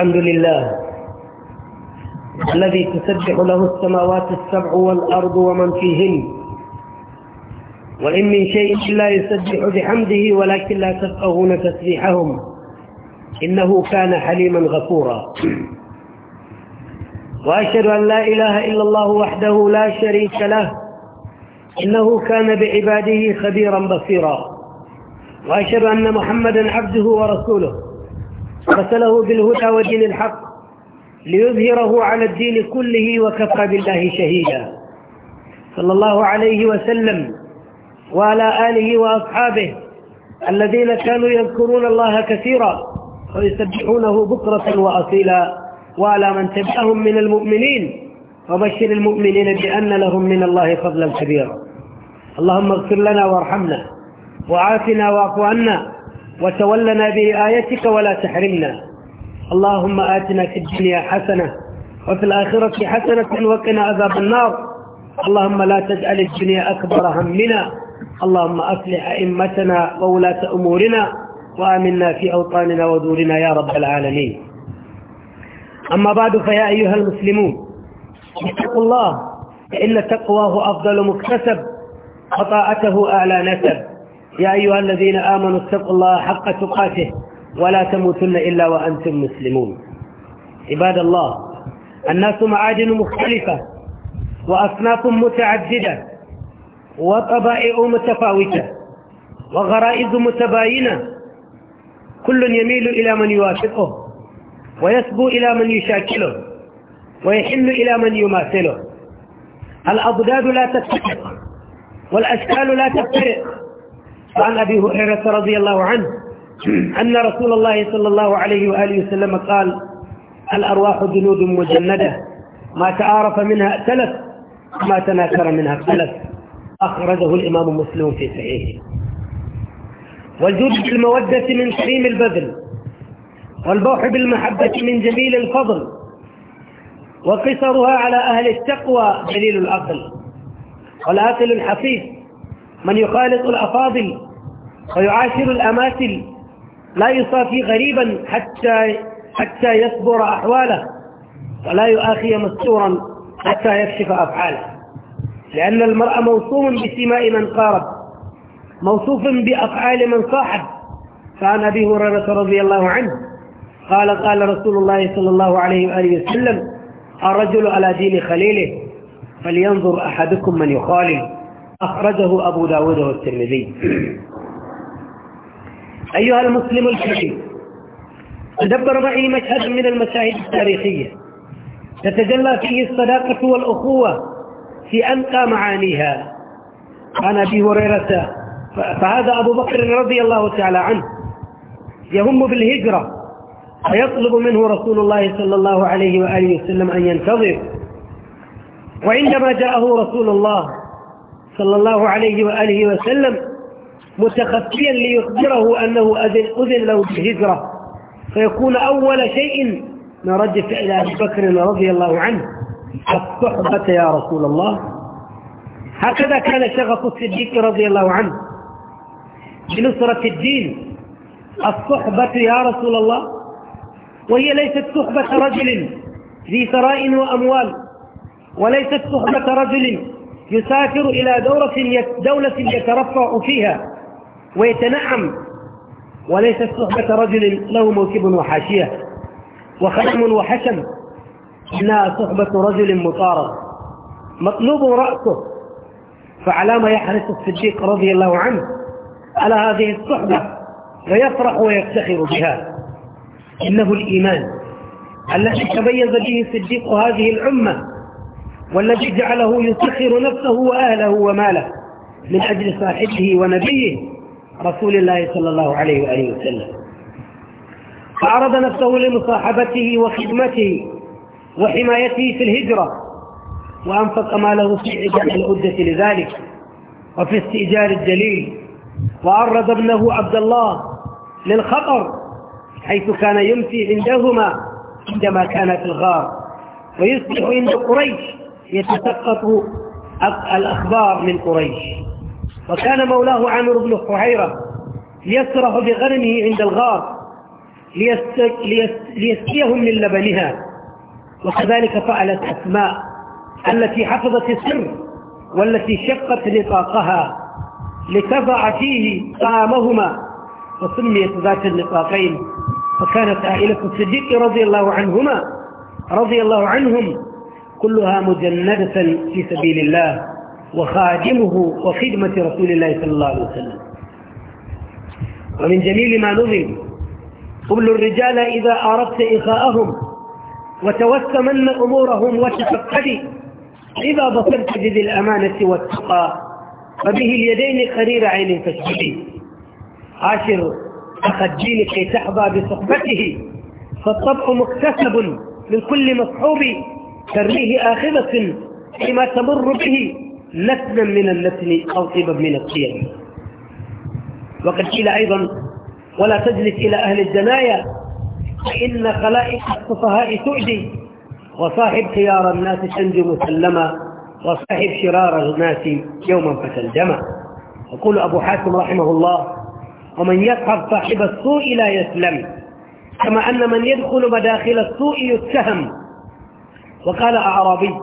الحمد لله الذي تسبح له السماوات السبع والأرض ومن فيهن وإن من شيء إلا يسبح بحمده ولكن لا تفقهون تسبيحهم إنه كان حليما غفورا وأشهد أن لا إله إلا الله وحده لا شريك له إنه كان بعباده خبيرا بصيرا وأشهد أن محمدا عبده ورسوله أرسله بالهدى ودين الحق ليظهره على الدين كله وكفى بالله شهيدا صلى الله عليه وسلم وعلى آله وأصحابه الذين كانوا يذكرون الله كثيرا ويسبحونه بكرة وأصيلا وعلى من تبعهم من المؤمنين وبشر المؤمنين بأن لهم من الله فضلا كبيرا اللهم اغفر لنا وارحمنا وعافنا واعف عنا وتولنا بآيتك ولا تحرمنا اللهم آتنا في الدنيا حسنة وفي الآخرة حسنة وقنا عذاب النار اللهم لا تجعل الدنيا أكبر همنا اللهم أصلح أئمتنا وولاة أمورنا وآمنا في أوطاننا ودورنا يا رب العالمين أما بعد فيا أيها المسلمون اتقوا الله فإن تقواه أفضل مكتسب وطاعته أعلى نسب يا أيها الذين آمنوا اتقوا الله حق تقاته ولا تموتن إلا وأنتم مسلمون عباد الله الناس معادن مختلفة وأصناف متعددة وطبائع متفاوتة وغرائز متباينة كل يميل إلى من يوافقه ويسبو إلى من يشاكله ويحل إلى من يماثله الأضداد لا تتفق والأشكال لا تفترق عن أبي هريرة رضي الله عنه أن رسول الله صلى الله عليه وآله وسلم قال الأرواح جنود مجندة ما تعارف منها ائتلف ما تناكر منها ائتلف أخرجه الإمام مسلم في صحيحه والجود بالمودة من كريم البذل والبوح بالمحبة من جميل الفضل وقصرها على أهل التقوى دليل العقل والعاقل الحفيظ من يخالط الأفاضل ويعاشر الأماثل لا يصافي غريبا حتى, حتى يصبر أحواله ولا يؤاخي مستورا حتى يكشف أفعاله لأن المرء موصوم بسماء من قارب موصوف بأفعال من صاحب فعن أبي هريرة رضي الله عنه قال قال رسول الله صلى الله عليه وآله وسلم الرجل على دين خليله فلينظر أحدكم من يخالل أخرجه أبو داود والترمذي أيها المسلم الكريم تدبر معي مشهد من المشاهد التاريخية تتجلى فيه الصداقة والأخوة في أنقى معانيها عن أبي هريرة فهذا أبو بكر رضي الله تعالى عنه يهم بالهجرة فيطلب منه رسول الله صلى الله عليه وآله وسلم أن ينتظر وعندما جاءه رسول الله صلى الله عليه وآله وسلم متخفيا ليخبره أنه أذن, أذن له بالهجرة فيكون أول شيء نرجف إلى أبي بكر رضي الله عنه الصحبة يا رسول الله هكذا كان شغف الصديق رضي الله عنه بنصرة الدين الصحبة يا رسول الله وهي ليست صحبة رجل ذي ثراء وأموال وليست صحبة رجل يسافر إلى دورة دولة يترفع فيها ويتنعم وليس صحبة رجل له موكب وحاشية وخدم وحشم إنها صحبة رجل مطارد مطلوب رأسه فعلى ما يحرص الصديق رضي الله عنه على هذه الصحبة ويفرح ويفتخر بها إنه الإيمان الذي تميز به الصديق هذه الأمة والذي جعله يسخر نفسه وأهله وماله من أجل صاحبه ونبيه رسول الله صلى الله عليه وآله وسلم فعرض نفسه لمصاحبته وخدمته وحمايته في الهجرة وأنفق ماله في إجارة العدة لذلك وفي استئجار الدليل وعرض ابنه عبد الله للخطر حيث كان يمسي عندهما عندما كان في الغار ويصبح عند قريش يتسقط الأخبار من قريش وكان مولاه عمرو بن حريرة يسرح بغنمه عند الغار ليسقيهم من لبنها وكذلك فعلت أسماء التي حفظت السر والتي شقت نطاقها لتضع فيه طعامهما وسميت ذات النطاقين فكانت عائلة الصديق رضي الله عنهما رضي الله عنهم كلها مجندة في سبيل الله وخادمه وخدمة رسول الله صلى الله عليه وسلم ومن جميل ما نظم قبل الرجال إذا أردت إخاءهم وتوسمن أمورهم وتفقدي إذا بصرت بذي الأمانة والتقى فبه اليدين قرير عين تشبدي عاشر أخ الدين كي تحظى بصحبته فالطبع مكتسب من كل مصحوب شره آخذة فيما تمر به نتنا من النتن أو طيبا من الطيب وقد قيل أيضا ولا تجلس إلى أهل الجنايا فإن خلائق السفهاء تؤذي وصاحب خيار الناس شنج مسلما وصاحب شرار الناس يوما فتلجما يقول أبو حاتم رحمه الله ومن يصحب صاحب السوء لا يسلم كما أن من يدخل مداخل السوء يتهم وقال أعرابي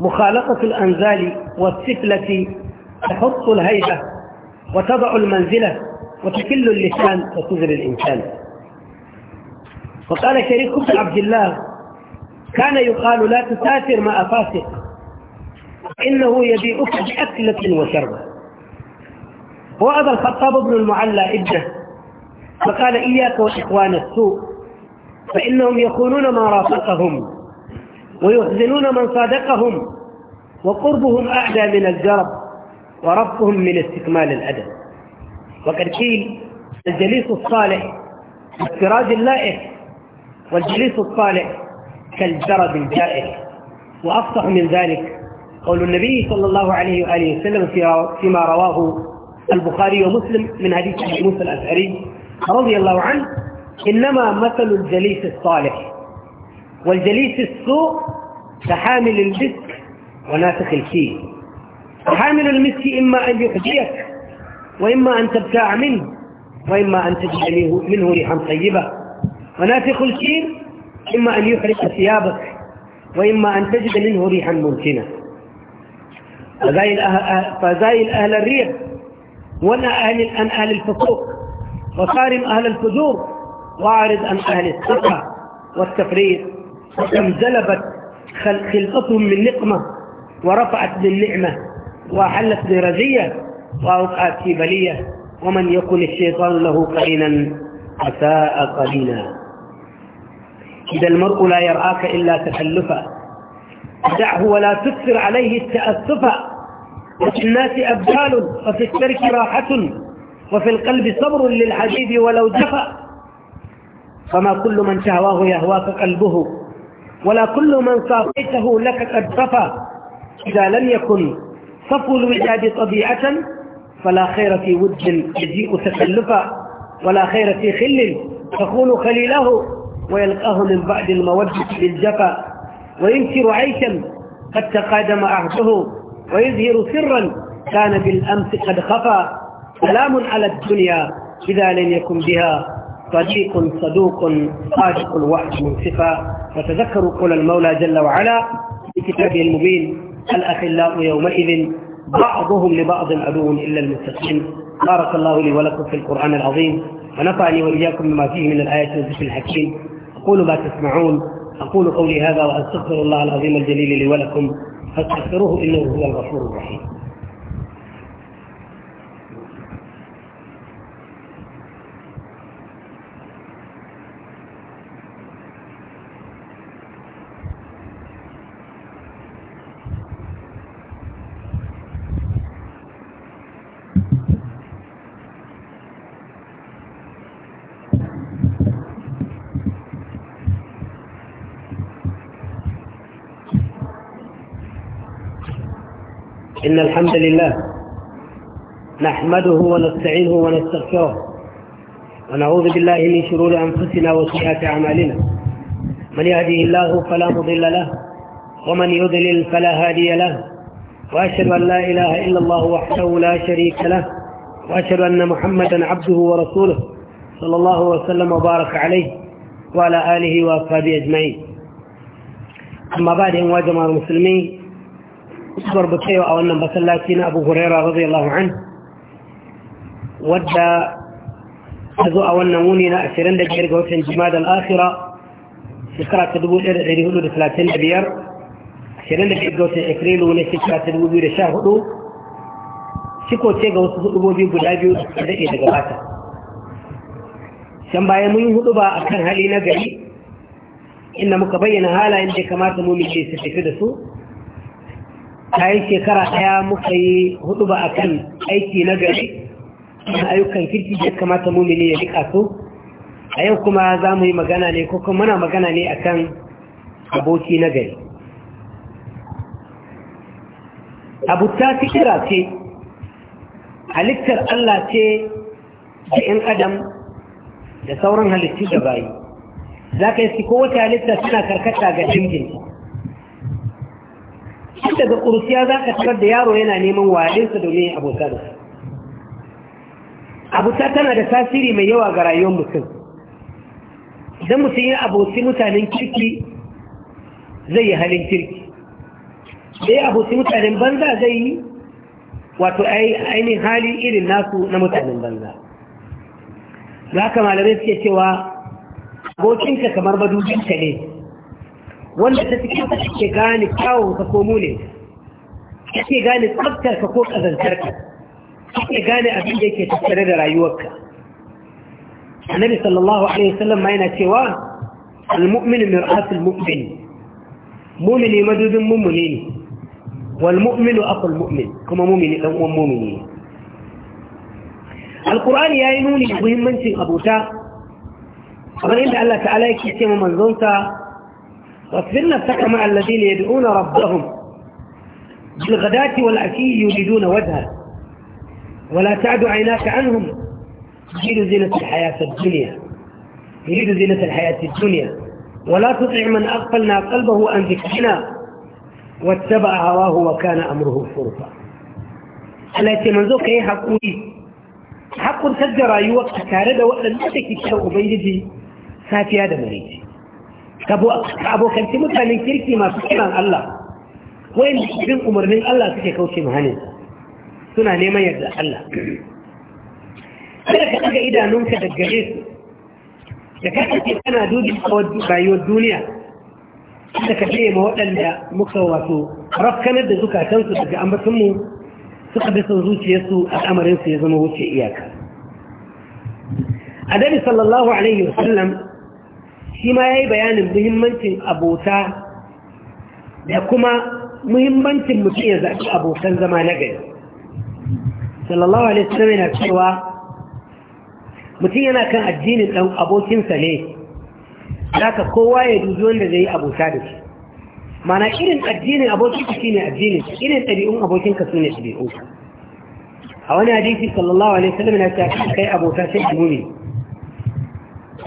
مخالطة الأنزال والسفلة تحط الهيبة وتضع المنزلة وتكل اللسان وتذل الإنسان وقال شريك بن عبد الله كان يقال لا تسافر مع فاسق إنه يبيئك بأكلة وشربة وأبا الخطاب بن المعلى ابنه فقال إياك وإخوان السوء فإنهم يخونون ما رافقهم ويحزنون من صادقهم وقربهم أعلى من الجرب وربهم من استكمال الأدب وقد قيل الجليس الصالح السراج اللائح والجليس الصالح كالجرب الجائح وأفصح من ذلك قول النبي صلى الله عليه وآله وسلم فيما رواه البخاري ومسلم من حديث موسى الأشعري رضي الله عنه إنما مثل الجليس الصالح والجليس السوء كحامل المسك وناسخ الكيل حامل المسك إما أن يحجيك وإما أن تبتاع منه وإما أن تجعل منه ريحا طيبة وناسخ الكيل إما أن يحرق ثيابك وإما أن تجد منه ريحا ممكنة فزايل أهل, أه- فزايل أهل الريح ونا أهل عن أهل الفسوق وصارم أهل الفجور وأعرض عن أهل الثقة والتفريط انجلبت خلقتهم من نقمة ورفعت من نعمة وأحلت برزية وأوقعت في بلية ومن يكن الشيطان له قرينا أساء قرينا إذا المرء لا يرآك إلا تخلفا دعه ولا تكثر عليه التأسفا وفي الناس أبدال وفي الترك راحة وفي القلب صبر للحبيب ولو جفا فما كل من شهواه يهواك قلبه ولا كل من صافيته لك قد صفى إذا لم يكن صفو الوداد طبيعة فلا خير في ود يجيء تكلفا ولا خير في خل تخون خليله ويلقاه من بعد المودة بالجفا وينكر عيشا قد تقادم عهده ويظهر سرا كان بالأمس قد خفى سلام على الدنيا إذا لم يكن بها صديق صدوق صادق الوحد من صفة وتذكروا قول المولى جل وعلا في كتابه المبين الأخلاء يومئذ بعضهم لبعض عدو إلا المتقين بارك الله لي ولكم في القرآن العظيم ونفعني وإياكم بما فيه من الآيات والذكر الحكيم أقول ما تسمعون أقول قولي هذا وأستغفر الله العظيم الجليل لي ولكم فاستغفروه إنه هو الغفور الرحيم إن الحمد لله نحمده ونستعينه ونستغفره ونعوذ بالله من شرور أنفسنا وسيئات أعمالنا من يهده الله فلا مضل له ومن يضلل فلا هادي له وأشهد أن لا إله إلا الله وحده لا شريك له وأشهد أن محمدا عبده ورسوله صلى الله وسلم وبارك عليه وعلى آله وأصحابه أجمعين أما بعد وجمع المسلمين kusurwar ba cewa a wannan basallaci na abu huraira ba zai an wadda ta zo a wannan wuni na 25 ga watan jima da al'afira shekara ta 1435 25 ga watan afrilu na shekara ta 2014 shiko ce ga wasu hudubobi guda biyu da daɗe daga bata can bayan mun yi hudu ba a kan hali na gari inda muka bayyana halayen da kamata mu muke su fi da su ta yi shekara ɗaya muka yi hudu ba a kan aiki na gari na ayyukan kirki da kamata mumini ya rika so a yau kuma za mu yi magana ne ko kuma muna magana ne akan aboki na gari Abu fi kira ce halittar Allah ce da ‘yan adam da sauran halittu da bayi za ka yi kowace halitta suna karkata ga dangin tun daga ƙuruciya za ka tarar da yaro yana neman wayarinsa domin abota da abota tana da tasiri mai yawa ga rayuwar mutum idan mutum ya aboci mutanen kirki zai yi halin kirki da ya mutanen banza zai yi wato ainihin hali irin nasu na mutanen banza za ka malamai suke cewa abokinka kamar madubinka ne wanda ta cikin ta ke gane kyawun ka ko mune take gane tsaftar ka ko kazantar ta ke gane abin da ke tattare da rayuwarka annabi sallallahu alaihi wasallam ma yana cewa al-mu'min mir'atul mu'min mu'mini madudin mu'mini ne wal mu'minu aqul mu'min kuma mu'mini dan uwan mu'mini al-qur'ani yayi nuni muhimmancin abota, kamar inda Allah ta'ala yake ce manzonsa واغفر نفسك مع الذين يدعون ربهم بالغداة والعشي يريدون وجهه ولا تعد عيناك عنهم يريد زينة الحياة الدنيا يريد زينة الحياة الدنيا ولا تطع من أغفلنا قلبه أن ذكرنا واتبع هواه وكان أمره فرصا التي منذ كي حقوري حق تجرى يوقع تارد وأن أتك الشوء ساتي هذا مريجي ka abokanci mutanen kirki masu kiran Allah wayan bin umarnin Allah suke kauce mahanin suna neman yadda Allah kada ka daga idanunka daga gare su da kasance kana dubi rayuwar duniya da ka ce ma waɗanda muka wato rafkanar da zukatansu daga ambatunmu suka bi son zuciyarsu a al'amarinsu ya zama wuce iyaka. A Adabi sallallahu Alaihi wasallam shi ma ya yi bayanin muhimmancin abota da kuma muhimmancin mutum ya zaɓi abokan zama na gari sallallahu alaihi wasallam yana cewa mutum yana kan addinin ɗan abokinsa ne ka kowa ya dubi wanda zai yi abota da shi mana irin addinin abokinka shi ne addinin irin ɗabi'un abokinka su ne ɗari'un a wani hadisi sallallahu alaihi wasallam yana cewa kai abota sai muni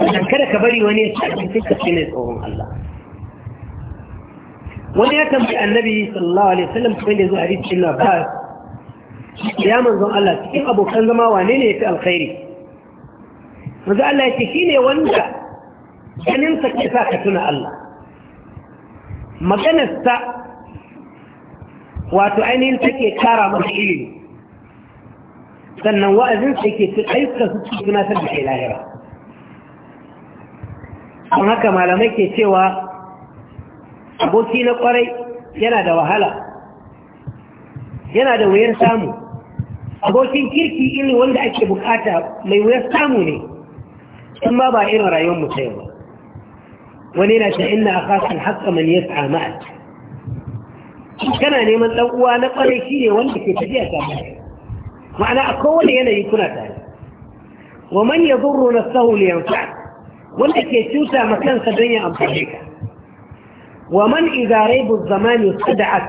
sannan kada ka bari wani ya ci abincin ka shi ne tsoron Allah wani ya tambayi annabi sallallahu alaihi wasallam kuma ne zuwa hadisi na ba ya manzon Allah cikin abokan zama wane ne fi alkhairi manzo Allah ya ce shi ne wanda ganinsa ke sa ka tuna Allah maganar wato ainihin take kara masa ilimi sannan wa'azin ke yake aika su cikin tunatar da kai lahira don haka malamai ke cewa aboki na kwarai yana da wahala yana da wuyar samu abokin kirki irin wanda ake bukata mai wuyar samu ne in ma ba irin rayuwar mu ta ba wani na ta ina a kasan haka mani ya sami a kana neman ɗan uwa na kwarai shi ne wanda ke tafiya samu ma'ana a kowane yanayi kuna tare wa man ya zurro na sahu sa'ad wanda ke cuta ma kansa don ya amfani ka wa man idza raibu zamani sada'ak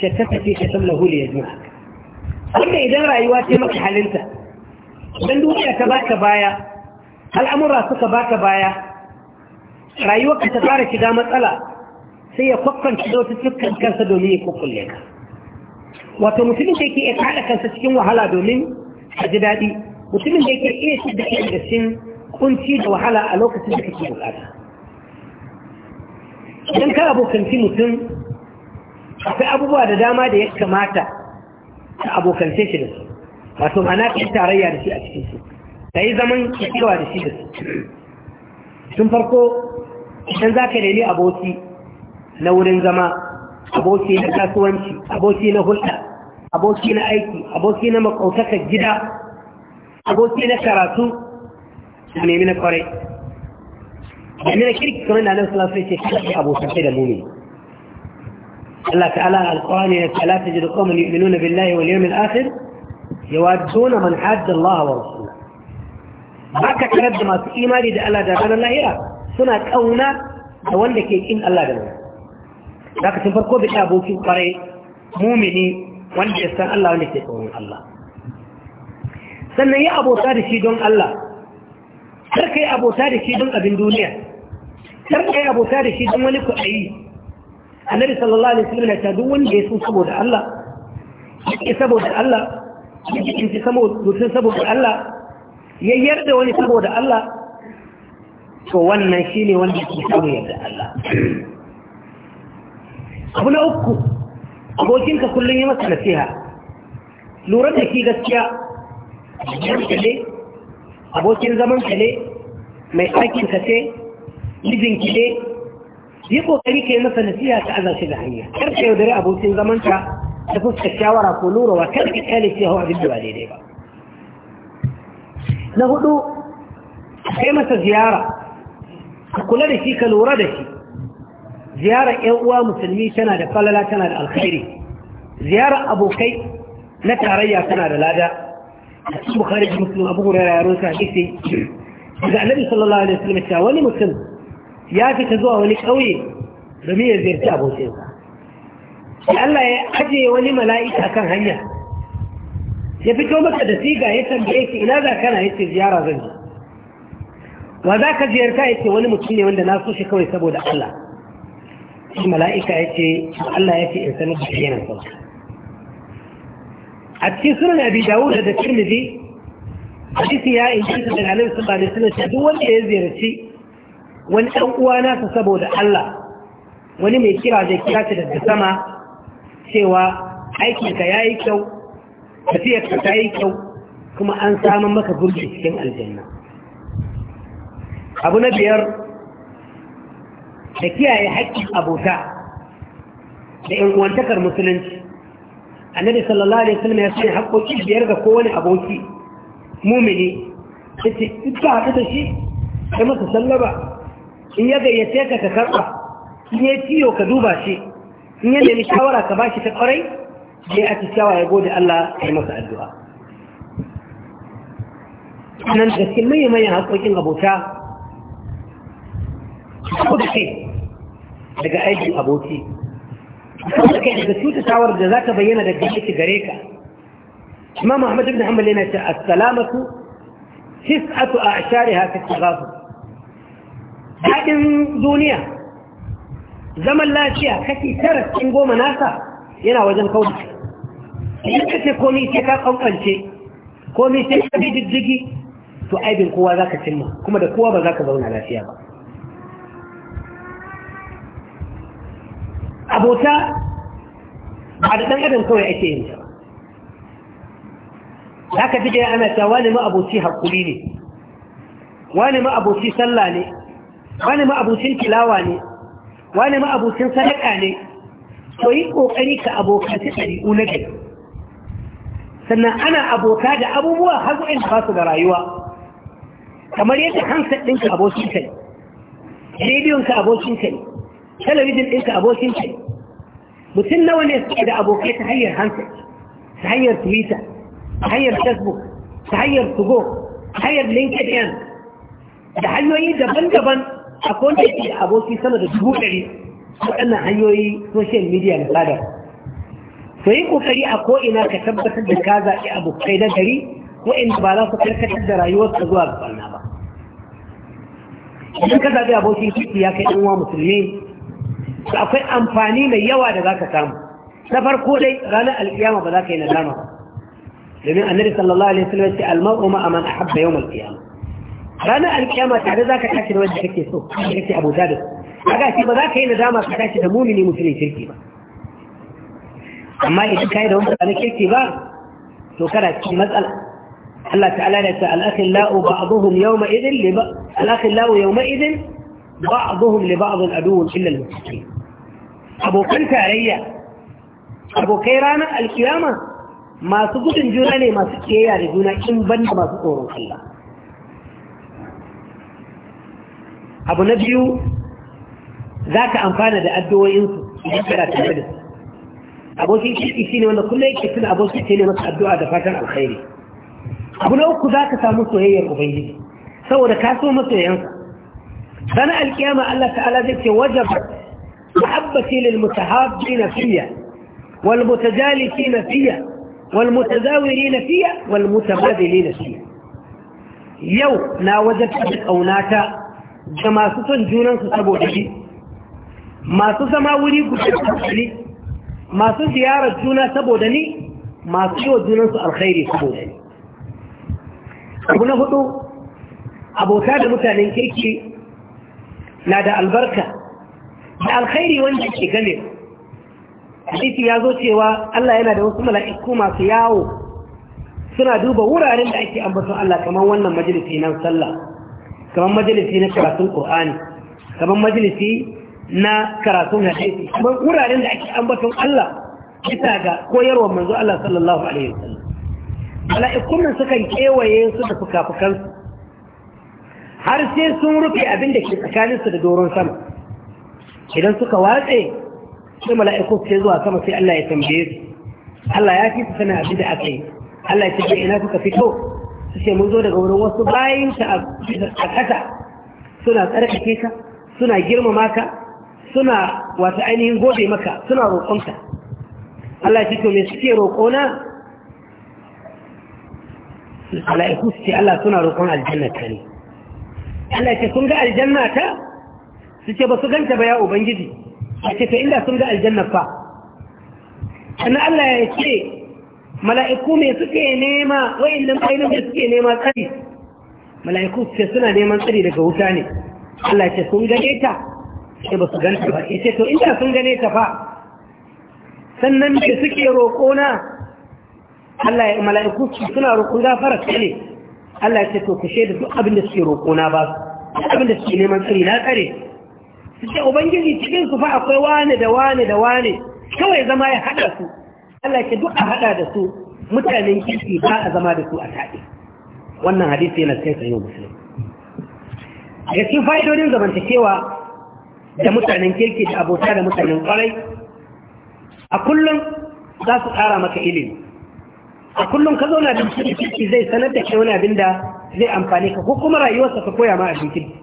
shakkaka fi shatan lahu li yajma'ak wanda idan rayuwa ce maka halinta idan duniya ta baka baya al'amura suka baka baya rayuwar ka ta fara shiga matsala sai ya kwakwance da wata cikin kansa domin ya kwakwalle ka wato mutumin da yake iya kaɗa kansa cikin wahala domin a ji daɗi mutumin da yake iya shi da cikin kunci da wahala a lokacin da kake bukata idan ka abokanci mutum akwai abubuwa da dama da ya kamata ka abokance shi da su wato mana ka yi tarayya da shi a cikin su ka yi zaman kewa da shi da su tun farko idan za ka nemi aboki na wurin zama aboki na kasuwanci aboki na hulɗa aboki na aiki aboki na makautakar gida aboki na karatu a nemi na kwarai nemi na kirki kamar da annabi sallallahu alaihi wasallam ya ce abokan da mumin Allah ta'ala alquran ya ce la tajidu qawman yu'minuna billahi wal yawmil akhir yawadduna man hadda Allah wa rasulahu baka tarar da masu imani da Allah da ranar lahira suna kauna da wanda ke kin Allah da manzo zaka tun farko bi abokin kwarai mumini wanda ya Allah ke tsoron Allah sannan ya da shi don Allah kar ka yi abota da shi don abin duniya kar ka yi abota da shi don wani a annabi sallallahu alaihi wasallam ya ta duk wanda ya so saboda Allah ya saboda Allah ya ji saboda saboda Allah ya yarda wani saboda Allah to wannan shi shine wanda ke samu yarda Allah abu na uku abokinka kullum ya masa nasiha lura da shi gaskiya yarda ne abokin zaman ka ne mai aikin ka ce mijin ki ne yi kokari ka yi masa nasiya ta aza shi da hanya kar ka yaudare abokin zaman ka ta fuskar shawara ko lurawa kar ka kyale shi hau abin da ba daidai ba na hudu kai masa ziyara ka kula da shi ka lura da shi ziyarar ‘yan uwa musulmi tana da falala tana da alkhairi ziyarar abokai na tarayya tana da lada A cikin bukhari da muslim abu hurairah ya rusa hadisi daga annabi sallallahu alaihi wasallam cewa wani mutum ya fita zuwa wani kauye domin ya ziyarci abokinsa sai Allah ya ajiye wani mala'ika kan hanya ya fito masa da siga ya tambaye shi ina za kana yace ziyara zan je wa za ka ziyarta yace wani mutum ne wanda na so shi kawai saboda Allah shi mala'ika yace Allah yace in sanar da yana sauka a cikin sunan abi dawuda da tirmidhi hadisi ya in shi daga nabi sallallahu alaihi wasallam cewa duk wanda ya ziyarci wani dan uwa na ta saboda Allah wani mai kira zai kira ta daga sama cewa aikin ka yayi kyau tafiya ka tayi kyau kuma an samu maka burki cikin aljanna abu na biyar da kiyaye haƙƙin abota da 'yan uwantakar musulunci annabi sallallahu alaihi wasallam ya sanya haƙoƙi biyar ga kowane aboki mumini yace in ka haɗu da shi kai masa sallaba in ya gayyace ka ka karɓa in ya ciyo ka duba shi in ya nemi shawara ka bashi ta ƙwarai sai a ci shawa ya gode Allah ya masa addu'a nan da cikin manyan manyan haƙoƙin abota ko da daga aikin aboki kuma kai daga cutatawar da za ka bayyana daga shi gare ka imam muhammad ibn hanbal yana ce assalamatu tis'atu a ashariha ka tagafu daɗin duniya zaman lafiya kashi tara cikin goma nasa yana wajen kauce idan ka ce komai sai ka kankance komai sai ka bi diddigi to aibin kowa za ka cimma kuma da kowa ba za ka zauna lafiya ba abota ba da ɗan adam kawai ake yin ta ba haka take ana ta wani ma'aboci haƙuri ne wani ma'aboci sallah ne wani ma'abocin kilawa ne wani ma'abocin sadaka ne to yi ƙoƙari ka abokanci ɗari'u na gari sannan ana abota da abubuwa har wa'in ba su da rayuwa kamar yadda hansa ɗinka abokin ka ne rediyonka abokin ka ne talabijin ɗinka abokin kai mutum nawa ne suke da abokai ta hanyar handset ta hanyar twitter ta hanyar facebook ta hanyar tugo ta hanyar linkedin da hanyoyi daban-daban a kwanci yake da aboki sama da dubu ɗari waɗannan hanyoyi social media na sadar to yi ƙoƙari a ko'ina ka tabbatar da ka zaɓi abokai na gari waɗanda ba za su karkatar da rayuwarsa zuwa ga ba idan ka zaɓi abokin kiki ya kai ɗan uwa musulmi to akwai amfani mai yawa da za ka samu na farko dai ranar alkiyama ba za ka yi nadama ba domin annabi sallallahu alaihi wasallam ya ce al-mar'u ma'a man ahabba yawm al-qiyamah ranar alkiyama tare za ka tashi da wanda kake so da kake abota da su kaga shi ba za ka yi nadama ka tashi da mumini mutumin kirki ba amma idan ka yi da wanda ba na kirki ba to kana cikin matsala Allah ta'ala ya ce al-akhillau ba'dhum yawma idhin li ba'd al-akhillau ba'dhum li ba'd aduwwun illa al-muttaqin abokan tarayya abokai ranar alkiyama masu gudun juna ne masu kiyaye da juna in banda masu tsoron Allah abu na biyu za ka amfana da addu'o'insu idan kana tare da su abokin kirki shi wanda kullum yake tuna abokin ce ne masa addu'a da fatan alkhairi abu na uku za ka samu soyayyar ubangiji saboda ka so masoyansa فانا القيامة الله تعالى ذلك وجبت محبتي للمتحابين فيها والمتجالسين فيها والمتزاورين فيها والمتبادلين فيها يوم نا وجبت ناتا جما سسن جونن سبو دي ما سسما وري كتابي ما زياره جونا سبو دني ما سيو سو الخير سبو دني ابو na ابو abota da كيكي na da albarka da alkhairi wanda ke game hadisi ya zo cewa Allah yana da wasu mala'iku masu yawo suna duba wuraren da ake ambaton Allah kamar wannan majalisi na sallah kamar majalisi na karatun Qur'ani kamar majalisi na karatun hadisi kamar wuraren da ake ambaton Allah bisa ga koyarwar manzo Allah sallallahu alaihi wasallam mala'ikun nan sukan kewaye su da fuka-fukansu har sai sun rufe abin da ke tsakaninsu da doron sama idan suka watse sai mala'iku sai zuwa sama sai Allah ya tambaye su Allah ya fi su sana abin da aka yi Allah ya ce ina kuka fito su ce mun zo daga wurin wasu bayin ta a kasa suna tsarkake ka suna girmama ka suna wata ainihin gode maka suna roƙonka Allah ya ce to me suke roƙona mala'iku su ce Allah suna roƙon aljanna ta ne Allah ce kun ga aljanna ta suke ba su ganta ba ya ubangiji a ce to inda sun ga aljanna fa sannan Allah ya ce mala'iku me suke nema nan bayanan da suke nema tsari mala'iku ce suna neman tsari daga wuta ne Allah ce sun gane ta ce ba su ganta ba ya ce to inda sun gane ta fa sannan da suke roƙona Allah ya mala'iku suna roƙon gafara ta ne Allah ya ce to ku shaida duk abin da suke roƙona ba su abin da suke neman tsari na tsare su ce ubangiji cikin su fa akwai wane da wane da wane kawai zama ya hada su Allah ke duk a hada da su mutanen kirki ba a zama da su a taɗe wannan hadisi yana sai sayo musulun da cikin fa'idodin zamantakewa da mutanen kirki da abota da mutanen kwarai a kullum za su tsara maka ilimi a kullum ka zauna da mutum kirki zai sanar da kai wani abin da zai amfani ka ko kuma rayuwarsa ka koya ma abin kirki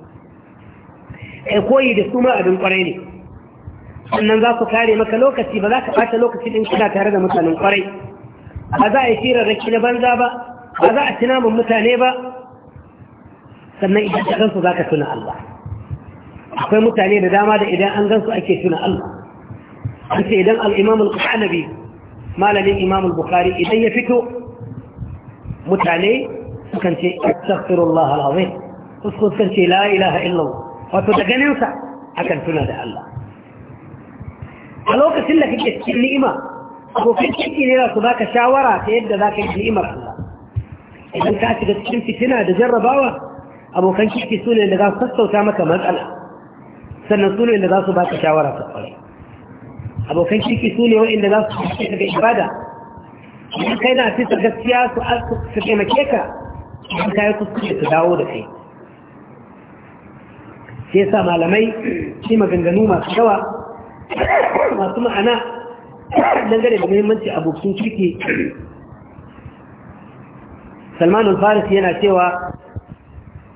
ai koyi da su ma abin kwarai ne sannan za ku kare maka lokaci ba za ka ɓata lokaci ɗin kana tare da mutanen kwarai ba za a yi firarraki na banza ba ba za a ci naman mutane ba sannan idan ka gansu za ka tuna Allah akwai mutane da dama da idan an gansu ake tuna Allah an ce idan al'imamul ƙasanabi malamin imam bukhari idan ya fito mutane sukan ce astaghfirullah alazim sukan ce la ilaha illallah wato da ganin sa akan tuna da Allah a lokacin da kake cikin ni'ima abokan ciki ne su baka shawara ta yadda za ka yi ni'imar Allah idan ka shiga cikin fitina da jarrabawa abokan ciki su ne da za su sassauta maka matsala sannan su ne da za su baka shawara ta kwarai abokan kirki su ne wa'inda za su shirki daga ibada idan kai na fi gaskiya su taimake ka idan ka yi kuskure su dawo da kai sai sa malamai shi maganganu masu yawa masu ma'ana dangane da muhimmanci abokin kirki al faris yana cewa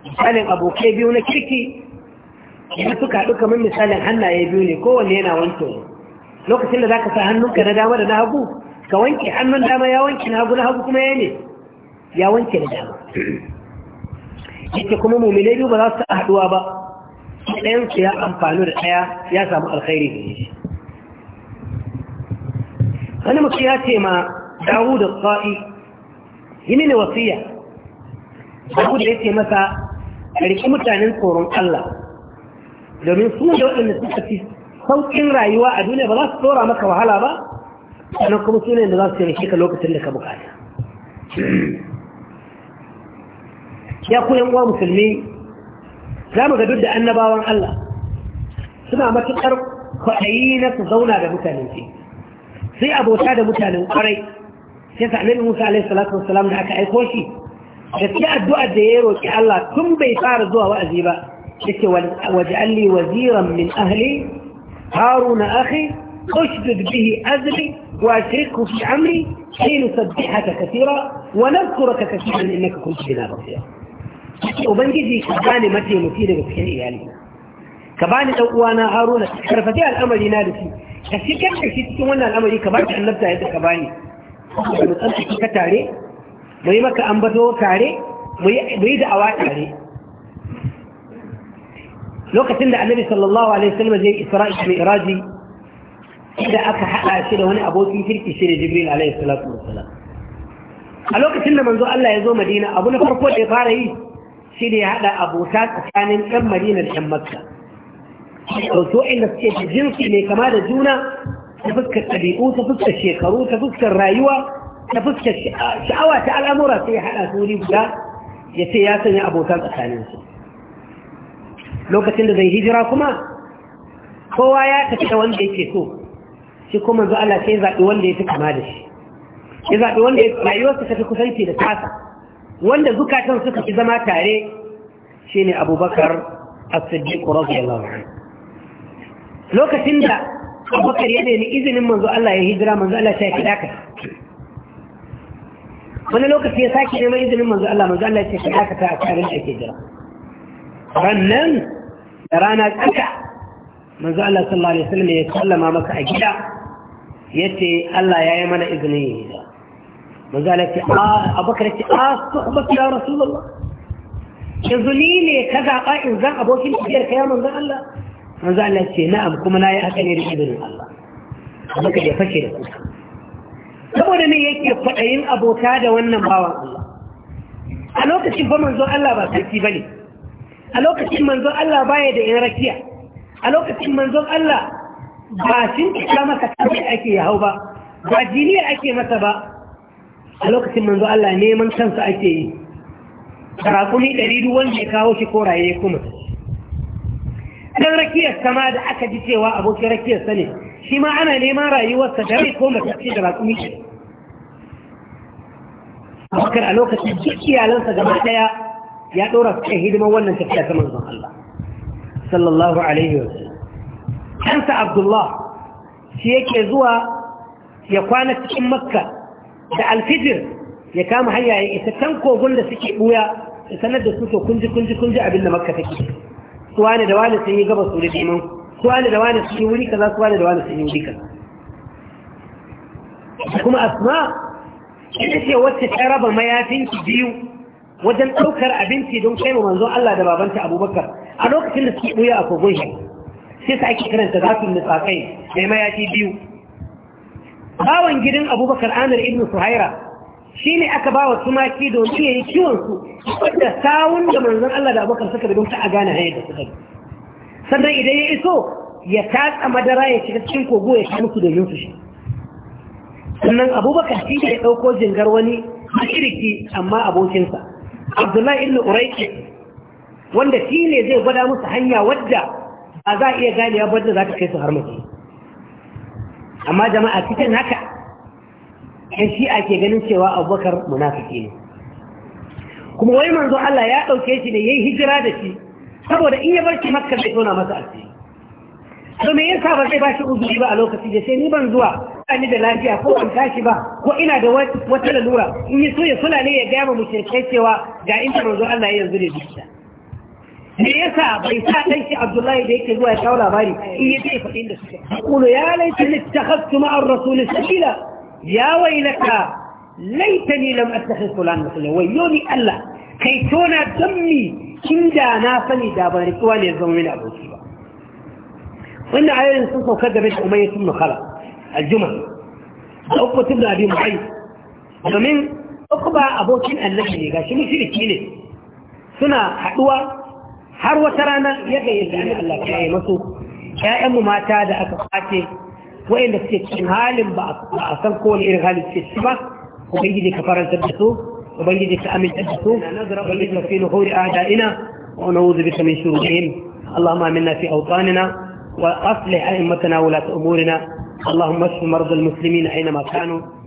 misalin abokai biyu na kirki yana suka haɗu kamar misalin hannaye biyu ne kowanne yana wanke lokacin da zaka sa hannunka na dama da na hagu ka wanke hannun dama ya wanke na hagu na hagu kuma ya ne ya wanke na dama yake kuma muminai biyu ba za su haduwa ba ɗayan su ya amfani da ɗaya ya samu alkhairi ne shi wani mutum ya ce ma dawo da tsa'i yi ne wasiya dawo da ya ce masa a riƙi mutanen tsoron Allah domin su da waɗanda suka fi سو إن رأيوا أدوني بلاس طورا ما كوا هلا با أنا كمسونا إن دلاس كي نشيك اللوكس اللي كبقايا يا أخوي أمو مسلمي زاما قدود أن باوا الله سمع ما تقر خحيينة زونا دا متانين في سي أبو تادا متانين قري سيسع نبي موسى عليه الصلاة والسلام دعك أي خوشي بس يا أدو أدير وكي الله كم بيطار زوا وأزيبا لكي وجعل لي وزيرا من أهلي هارون أخي أشدد به أذري وأشركه في أمري كي نسبحك كثيرا ونذكرك كثيرا إنك كنت بنا بصير وبنجدي كباني متي مثيرة بسكين يعني. إيالينا كباني لو أنا هارون كرفتي الأمر ينادسي كسي كم كسيت كمان الأمر كباني حنبتا هيدا كباني أنت كتاري ويمك أنبضو كاري ويد أواتاري lokacin da annabi sallallahu alaihi wasallam zai isra'i da mi'raji idan aka hada shi da wani abokin kirki shi ne jibril alaihi salatu wassalam a lokacin da manzo Allah ya zo madina abu na farko da ya fara yi shi ne ya hada abota tsakanin ɗan madina da yan makka su inda suke da jinsi ne kama da juna ta fuskar ɗabi'u ta fuskar shekaru ta fuskar rayuwa ta fuskar sha'awa ta al'amura sai ya hada su wuri guda ya ce ya sanya abota tsakaninsu lokacin da zai hijira kuma kowa ya tafi da wanda yake so shi kuma zuwa Allah sai zaɓi wanda ya fi kama da shi ya zaɓi wanda ya rayuwarsa ta fi kusanci da tasa wanda zukatan suka fi zama tare shi ne abubakar as-siddiq radiyallahu anhu lokacin da abubakar ya nemi izinin manzo Allah ya hijira manzo Allah ya kida ka wani lokaci ya sake neman izinin manzo Allah manzo Allah ya kida ka ta a karin da ke jira Rannan da rana tsaka manzo Allah sallallahu alaihi wasallam ya sallama maka a gida yace Allah ya yi mana izini ya manzo Allah ce a ah, abakar ce a sahabbat ya rasulullah yanzu ni ne ka zaba in zan abokin tafiyar ka ya manzo Allah manzo Allah ce na'am kuma na yi haka ne da izinin Allah abakar ya fashe da kuka saboda ne yake faɗayin abota da wannan bawan Allah a lokacin ba manzo Allah ba sarki bane a lokacin manzon Allah baya da yan rakiya a lokacin manzon Allah ba shin kika masa kamar ake hau ba ba jiniya ake masa ba a lokacin manzon Allah neman kansa ake yi karakuni ɗari duk wanda ya kawo shi koraye kuma dan rakiyar sama da aka ji cewa abokin rakiyar sa ne shi ma ana neman rayuwarsa da rai ko mace da rakumi abakar a lokacin duk iyalansa gaba ɗaya ya ɗora su kan hidimar wannan tafiya ta manzon Allah sallallahu alaihi wa sallam kansa Abdullah shi yake zuwa ya kwana cikin Makka da alfijir ya kama hanya ya isa can kogon da suke buya ya sanar da su to kunji kunji kunji abin da Makka take su wani da wani sun yi gaba su da iman su wani da wani sun yi wuri kaza su wani da wani sun yi wuri kaza kuma asma ita ce wacce ta raba mayafinki biyu wajen ɗaukar abinci don kai wa manzon Allah da babanta Abubakar a lokacin da suke ɓuya a kogon shi sai sa ake karanta za zafin nufakai mai mayafi biyu bawan gidan Abubakar Amir ibn Suhaira shi ne aka ba wa tumaki domin ya yi kiwonsu wadda sawun da manzon Allah da Abubakar suka bidon ta a gane hanyar da suka bi sannan idan ya iso ya tatsa madara ya shiga cikin kogo ya sha musu domin su shi sannan abubakar shi ne ya ɗauko jingar wani mashiriki amma abokinsa abdullahi ibn uraiki wanda shi ne zai gwada musu hanya wadda ba za a iya gane wadda za ta kai su har mace amma jama'a cikin haka yan shi ke ganin cewa abubakar munafiki ne kuma wai manzo Allah ya ɗauke shi ne yayi hijira da shi saboda in ya bar makka zai tona masa asiri to me yasa ba zai ba shi uzuri ba a lokaci da sai ni ban zuwa ba ni da lafiya ko ban tashi ba ko ina da wata lalura in yi so ya sula ne ya gaya ma mushrikai cewa ga inda manzo Allah ya yanzu da bishta me yasa bai sa dan shi Abdullahi da yake zuwa ya kawo labari in yi zai faɗin da suke qulu ya laitani ittakhadtu ma'a rasul sabila ya wailaka laitani lam attakhidh fulan sabila wayyoni Allah kai tona dammi kinda na sani da ban rikuwa ne zama mini aboki ba wannan ayoyin sun sauka game da umayyatun kala. aljuman da uku tun bi abin domin uku ba abokin annabi ne gashi mushriki ne suna haɗuwa har wata rana ya gayyaci annabi Allah ya yi masu mu mata da aka kwace wa'inda suke cikin halin ba a san kowane irin halin suke ciki ba ubangiji ka faranta da su ubangiji ka aminta da su ubangiji ka fi nuhuri a da'ina wa na'udhu bika min shururihim اللهم امنا في اوطاننا واصلح ائمتنا ولاة امورنا اللهم اشف مرضى المسلمين حينما كانوا